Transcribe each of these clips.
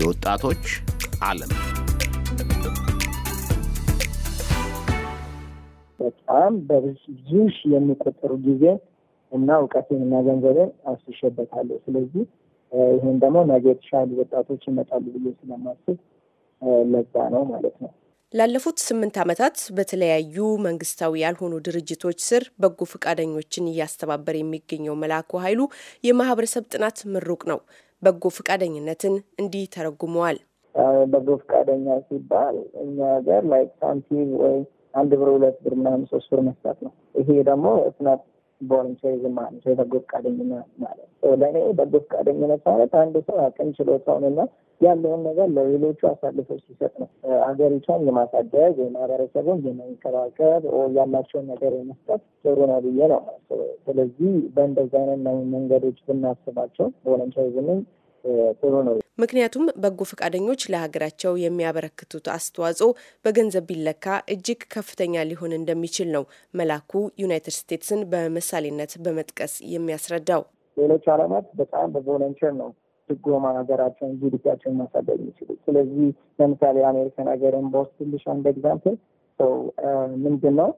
የወጣቶች ዓለም በጣም በብዙ ሺህ የሚቆጠሩ ጊዜ እና እውቀቴን እና ገንዘቤን አስሸበታለሁ። ስለዚህ ይህን ደግሞ ነገ የተሻሉ ወጣቶች ይመጣሉ ብዬ ስለማስብ ለዛ ነው ማለት ነው። ላለፉት ስምንት ዓመታት በተለያዩ መንግስታዊ ያልሆኑ ድርጅቶች ስር በጎ ፈቃደኞችን እያስተባበረ የሚገኘው መላኩ ኃይሉ የማህበረሰብ ጥናት ምሩቅ ነው። በጎ ፈቃደኝነትን እንዲህ ተረጉመዋል። በጎ ፈቃደኛ ሲባል እኛ ሀገር ላይ ሳንቲም ወይ አንድ ብር ሁለት ብር ምናምን ሶስት ብር መስጠት ነው። ይሄ ደግሞ እስናት ቮለንተሪዝም ማለት ነው፣ የበጎ ፈቃደኝነት ማለት ለእኔ በጎ ፈቃደኝነት ማለት አንድ ሰው አቅም እና ያለውን ነገር ለሌሎቹ አሳልፎ ሲሰጥ ነው። ሀገሪቷን የማሳደግ የማህበረሰቡን የመንከባከብ ያላቸውን ነገር የመስጠት ጥሩ ነው ብዬ ነው። ስለዚህ በእንደዚህ አይነት መንገዶች ብናስባቸው ቮለንተሪዝምን ጥሩ ነው። ምክንያቱም በጎ ፈቃደኞች ለሀገራቸው የሚያበረክቱት አስተዋጽኦ በገንዘብ ቢለካ እጅግ ከፍተኛ ሊሆን እንደሚችል ነው መላኩ ዩናይትድ ስቴትስን በምሳሌነት በመጥቀስ የሚያስረዳው። ሌሎች ዓለማት በጣም በቮለንቸር ነው ድጎማ ሀገራቸውን ጂዲፒያቸውን ማሳደግ የሚችሉ። ስለዚህ ለምሳሌ የአሜሪካን ሀገርን በውስጥ አንድ ኤግዛምፕል ሰው ምንድን ነው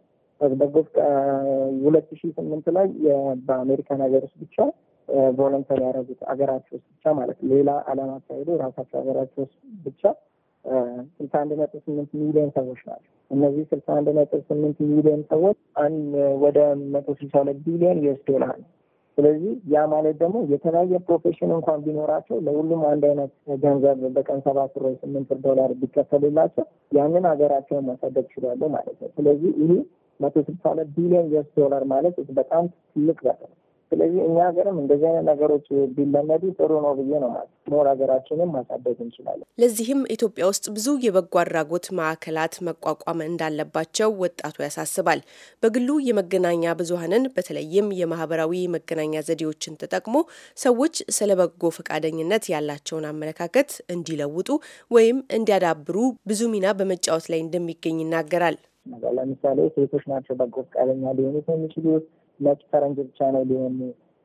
በጎ ሁለት ሺህ ስምንት ላይ በአሜሪካን ሀገር ውስጥ ብቻ ቮለንተሪ ያደረጉት ሀገራቸው ውስጥ ብቻ ማለት ነው። ሌላ አላማ አካሄዱ ራሳቸው ሀገራቸው ውስጥ ብቻ ስልሳ አንድ ነጥብ ስምንት ሚሊዮን ሰዎች ናቸው። እነዚህ ስልሳ አንድ ነጥብ ስምንት ሚሊዮን ሰዎች አንድ ወደ መቶ ስልሳ ሁለት ቢሊዮን ዩኤስ ዶላር ነው። ስለዚህ ያ ማለት ደግሞ የተለያየ ፕሮፌሽን እንኳን ቢኖራቸው ለሁሉም አንድ አይነት ገንዘብ በቀን ሰባት ወይ ስምንት ዶላር ቢከፈልላቸው ያንን ሀገራቸውን ማሳደግ ይችላሉ ማለት ነው። ስለዚህ ይህ መቶ ስልሳ ሁለት ቢሊዮን ዩኤስ ዶላር ማለት በጣም ትልቅ ነው። ስለዚህ እኛ ሀገርም እንደዚህ አይነት ነገሮች ቢለመዱ ጥሩ ነው ብዬ ነው ማለት ኖር ሀገራችንም ማሳደግ እንችላለን። ለዚህም ኢትዮጵያ ውስጥ ብዙ የበጎ አድራጎት ማዕከላት መቋቋም እንዳለባቸው ወጣቱ ያሳስባል። በግሉ የመገናኛ ብዙሀንን በተለይም የማህበራዊ መገናኛ ዘዴዎችን ተጠቅሞ ሰዎች ስለ በጎ ፈቃደኝነት ያላቸውን አመለካከት እንዲለውጡ ወይም እንዲያዳብሩ ብዙ ሚና በመጫወት ላይ እንደሚገኝ ይናገራል። ለምሳሌ ሴቶች ናቸው በጎ ፈቃደኛ ሊሆኑት የሚችሉት ነጭ ፈረንጅ ብቻ ነው ሊሆን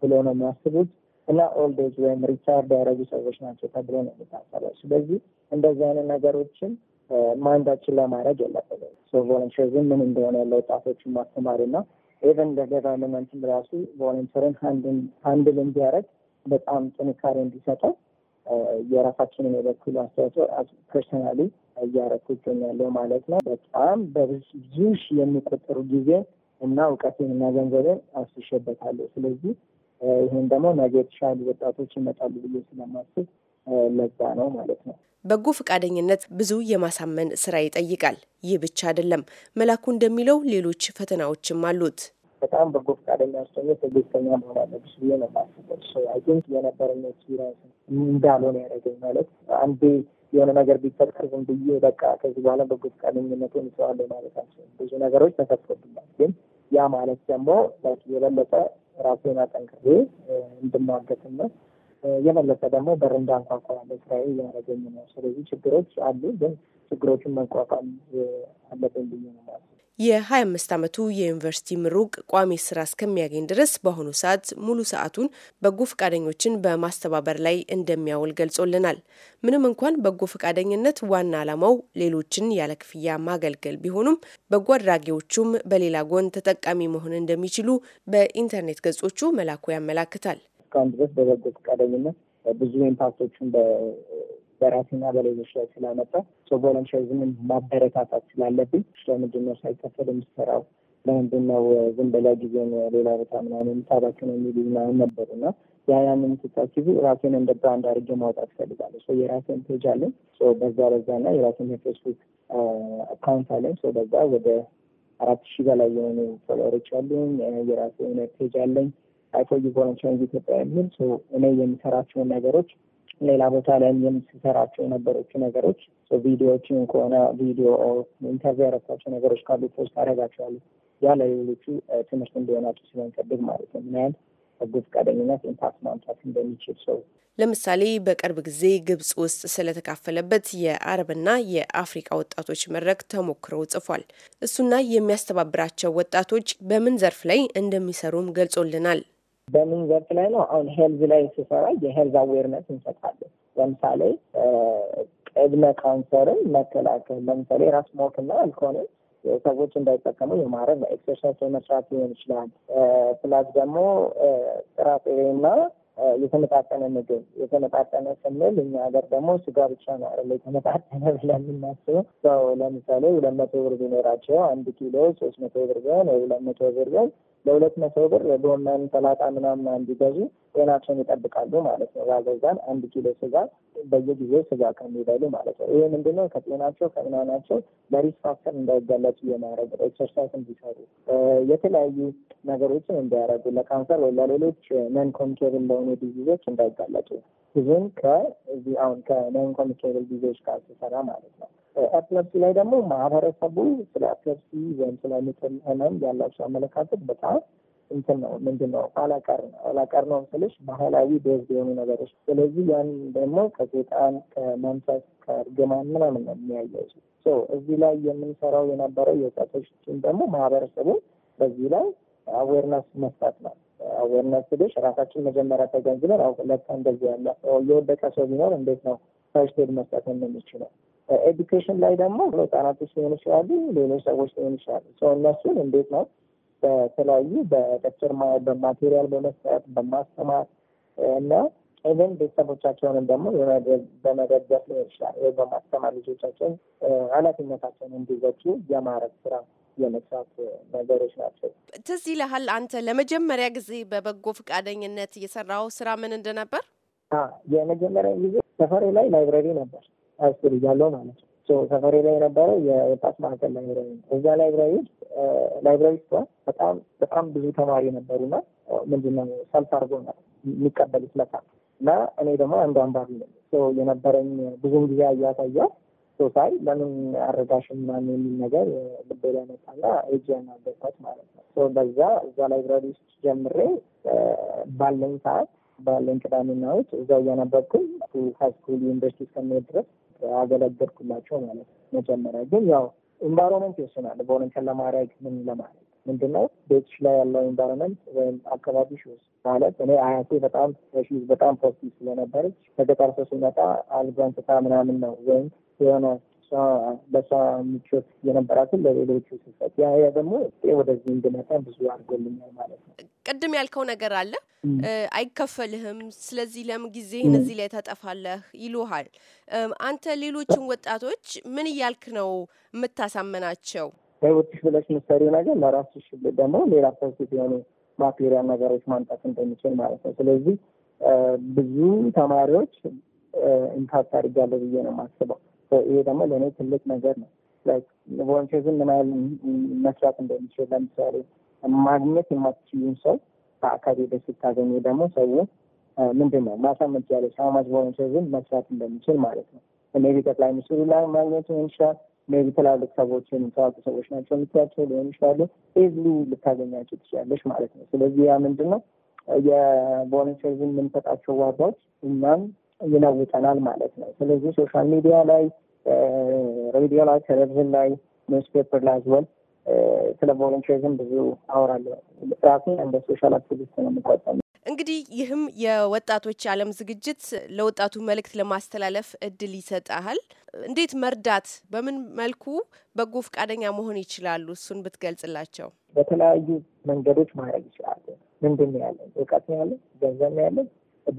ብሎ ነው የሚያስቡት እና ኦልዴጅ ወይም ሪቻርድ ያደረጉ ሰዎች ናቸው ተብሎ ነው የሚታሰበው። ስለዚህ እንደዚህ አይነት ነገሮችን ማንዳችን ለማድረግ የለብንም። ቮለንቲሪዝም ምን እንደሆነ ለወጣቶችን ማስተማር እና ኢቨን ለዴቨሎፕመንት ራሱ ቮለንቲርን አንድል እንዲያደረግ በጣም ጥንካሬ እንዲሰጠው የራሳችንን የበኩል አስተዋጽኦ ፐርሶናሊ እያረኩ ይገኛለሁ ማለት ነው። በጣም በብዙ ሺህ የሚቆጠሩ ጊዜ እና እውቀቴን እና ገንዘቤን አፍስሼበታለሁ። ስለዚህ ይህን ደግሞ ነገ የተሻሉ ወጣቶች ይመጣሉ ብዬ ስለማስብ ለዛ ነው ማለት ነው። በጎ ፈቃደኝነት ብዙ የማሳመን ስራ ይጠይቃል። ይህ ብቻ አይደለም። መላኩ እንደሚለው ሌሎች ፈተናዎችም አሉት። በጣም በጎ ፈቃደኛ አስተኛ ትዕግስተኛ መሆን አለብሽ ብዬ ነው የማስበው። አይ ቲንክ የነበረኝ ኤክስፒሪንስ እንዳልሆነ ያደረገኝ ማለት አንዴ የሆነ ነገር ቢፈጠር ዝም ብዬ በቃ ከዚህ በኋላ በጎ ፈቃደኝነቱን እተዋለሁ ማለት ብዙ ነገሮች ተፈጥሮብኛል ግን ያ ማለት ደግሞ የበለጠ ራሴን አጠንክሬ እንድሟገትና የበለጠ ደግሞ በር እንዳንኳኳ ስራዬ እያደረገኝ ነው። ስለዚህ ችግሮች አሉ፣ ግን ችግሮቹን መቋቋም አለብን ብዬ ነው ማለት የ25 ዓመቱ የዩኒቨርሲቲ ምሩቅ ቋሚ ስራ እስከሚያገኝ ድረስ በአሁኑ ሰዓት ሙሉ ሰዓቱን በጎ ፈቃደኞችን በማስተባበር ላይ እንደሚያውል ገልጾልናል። ምንም እንኳን በጎ ፈቃደኝነት ዋና ዓላማው ሌሎችን ያለ ክፍያ ማገልገል ቢሆኑም በጎ አድራጊዎቹም በሌላ ጎን ተጠቃሚ መሆን እንደሚችሉ በኢንተርኔት ገጾቹ መላኩ ያመላክታል። እስካሁን ድረስ በበጎ ፈቃደኝነት ብዙ ኢምፓክቶችን በራሴና በሌሎች ላይ ስላመጣ ሰው ቮለንተሪዝምን ማበረታታት ስላለብኝ ለምንድን ነው ሳይከፈል የምትሰራው? ለምንድን ነው ዝም ብለህ ጊዜን ሌላ ቦታ ምናምን ነው የሚሉ ምናምን ነበሩ እና ያ ያንን ስታስቡ ራሴን እንደ ብራንድ አድርጌ ማውጣት እፈልጋለሁ። የራሴን ፔጅ አለኝ በዛ በዛ እና የራሴን የፌስቡክ አካውንት አለኝ በዛ ወደ አራት ሺህ በላይ የሆኑ ፎሎወሮች አሉኝ። የራሴ የሆነ ፔጅ አለኝ አይፎ ቮለንተሪንግ ኢትዮጵያ የሚል እኔ የሚሰራቸውን ነገሮች ሌላ ቦታ ላይ የምትሰራቸው የነበሮቹ ነገሮች ቪዲዮዎችን ከሆነ ቪዲዮ ኢንተርቪው ያረኳቸው ነገሮች ካሉ ፖስት አደርጋቸዋለሁ። ያ ለሌሎቹ ትምህርት እንዲሆናቸው ስለንቀድግ ማለት ነው ምን ያህል በጎ ፈቃደኝነት ኢምፓክት ማምጣት እንደሚችል ሰው ለምሳሌ በቅርብ ጊዜ ግብጽ ውስጥ ስለተካፈለበት የአረብና የአፍሪካ ወጣቶች መድረክ ተሞክሮ ጽፏል። እሱና የሚያስተባብራቸው ወጣቶች በምን ዘርፍ ላይ እንደሚሰሩም ገልጾልናል። በምን ዘርፍ ላይ ነው? አሁን ሄልዝ ላይ ስሰራ የሄልዝ አዌርነት እንሰጣለን። ለምሳሌ ቅድመ ካንሰርን መከላከል፣ ለምሳሌ ራስ ሞክና አልኮንን ሰዎች እንዳይጠቀሙ የማድረግ ኤክሰርሳይዝ መስራት ሊሆን ይችላል። ፕላስ ደግሞ ጥራጥሬና የተመጣጠነ ምግብ የተመጣጠነ ስንል እኛ ሀገር ደግሞ ስጋ ብቻ ነው አይደለ የተመጣጠነ ብለን የምናስበው። ሰው ለምሳሌ ሁለት መቶ ብር ቢኖራቸው አንድ ኪሎ ሶስት መቶ ብር ቢሆን ወይ ሁለት መቶ ብር ቢሆን ለሁለት መቶ ብር ጎመን፣ ሰላጣ ምናምን አንድ ገዙ ጤናቸውን ይጠብቃሉ ማለት ነው። ባገዛን አንድ ኪሎ ስጋ በየጊዜው ስጋ ከሚበሉ ማለት ነው። ይህ ምንድነው ከጤናቸው ከምናናቸው ለሪስክ ፋክተር እንዳይጋለጡ የማድረግ ኤክሰርሳይዝ እንዲሰሩ የተለያዩ ነገሮችን እንዲያደረጉ ለካንሰር ወይ ለሌሎች ነን ኮሚኒኬብል ለሆኑ ዲዚዞች እንዳይጋለጡ ብዙም ከዚህ አሁን ከነን ኮሚኒኬብል ዲዚዞች ጋር ሲሰራ ማለት ነው። ኤፕለፕሲ ላይ ደግሞ ማህበረሰቡ ስለ ኤፕለፕሲ ወይም ስለ ንጥል ህመም ያላቸው አመለካከት በጣም እንትን ነው ምንድን ነው ኋላ ነው። ኋላ ነው ስልሽ ባህላዊ ቤዝ የሆኑ ነገሮች። ስለዚህ ያን ደግሞ ከሴጣን ከመንፈስ ከእርግማን ምናምን ነው የሚያየው። እዚህ ላይ የምንሰራው የነበረው የወጣቶችን ደግሞ ማህበረሰቡ በዚህ ላይ አዌርነስ መስራት ነው። አዌርነስ ስልሽ ራሳችን መጀመሪያ ተገንዝበን አሁ ለካ እንደዚህ ያለ የወደቀ ሰው ቢኖር እንዴት ነው ፈርስት ኤድ መስጠት የምንችለው ኤዱኬሽን ላይ ደግሞ ህጻናቶች ሊሆን ይችላሉ፣ ሌሎች ሰዎች ሊሆን ይችላሉ። ሰው እነሱን እንዴት ነው በተለያዩ በሌክቸር በማቴሪያል በመስጠት በማስተማር እና ኢቨን ቤተሰቦቻቸውንም ደግሞ በመደገፍ ሊሆን ይችላል ወይ በማስተማር ልጆቻቸውን ኃላፊነታቸውን እንዲዘቹ የማረግ ስራ የመስራት ነገሮች ናቸው። ትዝ ይልሃል አንተ ለመጀመሪያ ጊዜ በበጎ ፈቃደኝነት የሰራው ስራ ምን እንደነበር? የመጀመሪያ ጊዜ ሰፈሬ ላይ ላይብረሪ ነበር፣ ሃይስኩል እያለው ማለት ነው። ሰፈሪ ላይ የነበረው የወጣት ማዕከል ላይብራሪ ነው። እዛ ላይብራሪ ውስጥ ላይብራሪ ስትሆን በጣም በጣም ብዙ ተማሪ ነበሩና ምንድነው ሰልፍ አድርጎና የሚቀበሉት ለካ እና እኔ ደግሞ አንዱ አንባቢ ነው የነበረኝ ብዙም ጊዜ እያሳየው ሳይ ለምን አረጋሽ ምናምን የሚል ነገር ልቤ ላይ መጣና እጅ ያናገርኳት ማለት ነው። በዛ እዛ ላይብራሪ ውስጥ ጀምሬ ባለኝ ሰዓት ባለኝ ቅዳሜና እሑድ እዛው እያነበብኩኝ ሃይስኩል ዩኒቨርሲቲ እስከሚሄድ ድረስ አገለገልኩላቸው ማለት ነው። መጀመሪያ ግን ያው ኢንቫይሮንመንት ይወስናል። ቮለንተር ለማድረግ ምን ለማድረግ ምንድነው ቤትሽ ላይ ያለው ኢንቫይሮንመንት ወይም አካባቢ ሽስ ማለት እኔ አያቴ በጣም በጣም ፖስቲቭ ስለነበረች ከገጠር ሰው ሲመጣ አልጓንትታ ምናምን ነው ወይም የሆነ በእሷ ምቾት የነበራትን ለሌሎቹ ስሰጥ ያ ደግሞ ወደዚህ እንድመጣ ብዙ አድርጎልኛል ማለት ነው። ቅድም ያልከው ነገር አለ አይከፈልህም፣ ስለዚህ ለምን ጊዜህን እዚህ ላይ ታጠፋለህ ይሉሃል። አንተ ሌሎችን ወጣቶች ምን እያልክ ነው የምታሳመናቸው? ለውጥሽ ብለሽ ምሰሪ ነገር ለራስሽ ደግሞ ሌላ ሰው የሆኑ ማቴሪያል ነገሮች ማምጣት እንደሚችል ማለት ነው። ስለዚህ ብዙ ተማሪዎች ኢምፓክት አድርጋለሁ ብዬ ነው የማስበው። ይሄ ደግሞ ለእኔ ትልቅ ነገር ነው። ቮለንቲሪዝም ምን ያህል መስራት እንደሚችል ለምሳሌ ማግኘት የማትችሉን ሰው በአካል ሄደ ስታገኙ ደግሞ ሰው ምንድን ነው ማሳመት ያለ ሳማት ቮለንቲሪዝም መስራት እንደሚችል ማለት ነው። ሜቢ ጠቅላይ ሚኒስትሩ ላይ ማግኘት ሊሆን ይችላል። ሜቢ ትላልቅ ሰዎች የሚታወቁ ሰዎች ናቸው የምትያቸው ሊሆን ይችላሉ። ኤዝሊ ልታገኛቸው ትችላለች ማለት ነው። ስለዚህ ያ ምንድን ነው የቮለንቲሪዝም የምንሰጣቸው ዋጋዎች እኛም ይለውጠናል ማለት ነው። ስለዚህ ሶሻል ሚዲያ ላይ፣ ሬዲዮ ላይ፣ ቴሌቪዥን ላይ፣ ኒውስ ፔፐር ላይ ዝወል ስለ ቮለንቲሪዝም ብዙ አወራለሁ። ራሱን እንደ ሶሻል አክቲቪስት ነው የምቆጠም። እንግዲህ ይህም የወጣቶች ዓለም ዝግጅት ለወጣቱ መልእክት ለማስተላለፍ እድል ይሰጣል። እንዴት መርዳት፣ በምን መልኩ በጎ ፈቃደኛ መሆን ይችላሉ? እሱን ብትገልጽላቸው። በተለያዩ መንገዶች ማድረግ ይችላሉ። ምንድን ነው ያለን? እውቀት ነው ያለን፣ ገንዘብ ነው ያለን፣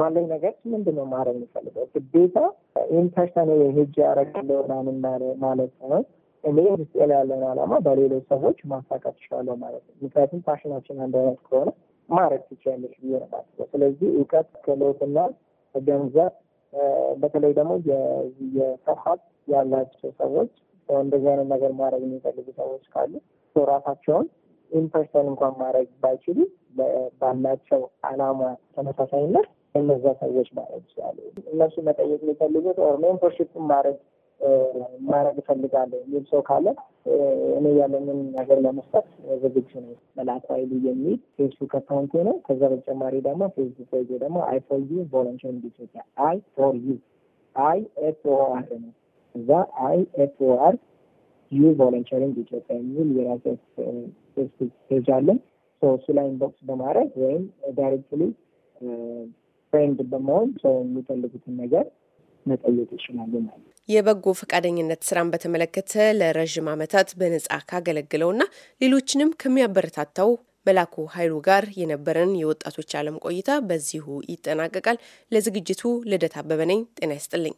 ባለኝ ነገር ምንድን ነው ማድረግ የሚፈልገው ግዴታ ኢንፐርሰን ሄጅ ያደረጋለው ምናምን ማለት ነው። እኔ ውስጥ ያለውን አላማ በሌሎች ሰዎች ማሳካት ይችላለሁ ማለት ነው። ምክንያቱም ፋሽናችን አንድ አይነት ከሆነ ማድረግ ትችላለች ብዬ ነው ማስበው። ስለዚህ እውቀት፣ ክህሎትና ገንዘብ በተለይ ደግሞ የሰው ሀብት ያላቸው ሰዎች እንደዚህ አይነት ነገር ማድረግ የሚፈልጉ ሰዎች ካሉ ራሳቸውን ኢንፐርሰን እንኳን ማድረግ ባይችሉ ባላቸው አላማ ተመሳሳይነት እነዛ ሰዎች ማለት ይችላሉ። እነሱ መጠየቅ የሚፈልጉት ኦር ሜንቶርሽፕ ማድረግ ማድረግ እፈልጋለሁ የሚል ሰው ካለ እኔ ያለኝን ነገር ለመስጠት ዝግጁ ነው። መላኩ ኃይሉ የሚል ፌስቡክ አካውንቴ ነው። ከዛ በተጨማሪ ደግሞ ፌስቡክ ወይ ደግሞ አይ ፎር ዩ ቮለንቲር ኢትዮጵያ አይ ፎር ዩ አይ ኤፍ ኦ አር ነው። እዛ አይ ኤፍ ኦ አር ዩ ቮለንቲሪንግ ኢትዮጵያ የሚል የራሴ ፌስቡክ ፔጅ አለን። እሱ ላይ ኢንቦክስ በማድረግ ወይም ዳይሬክትሊ ፍሬንድ በመሆን ሰው የሚፈልጉትን ነገር መጠየቅ ይችላሉ ማለት የበጎ ፈቃደኝነት ስራን በተመለከተ ለረዥም ዓመታት በነጻ ካገለግለውና ሌሎችንም ከሚያበረታታው መላኩ ኃይሉ ጋር የነበረን የወጣቶች ዓለም ቆይታ በዚሁ ይጠናቀቃል። ለዝግጅቱ ልደት አበበ ነኝ። ጤና ይስጥልኝ።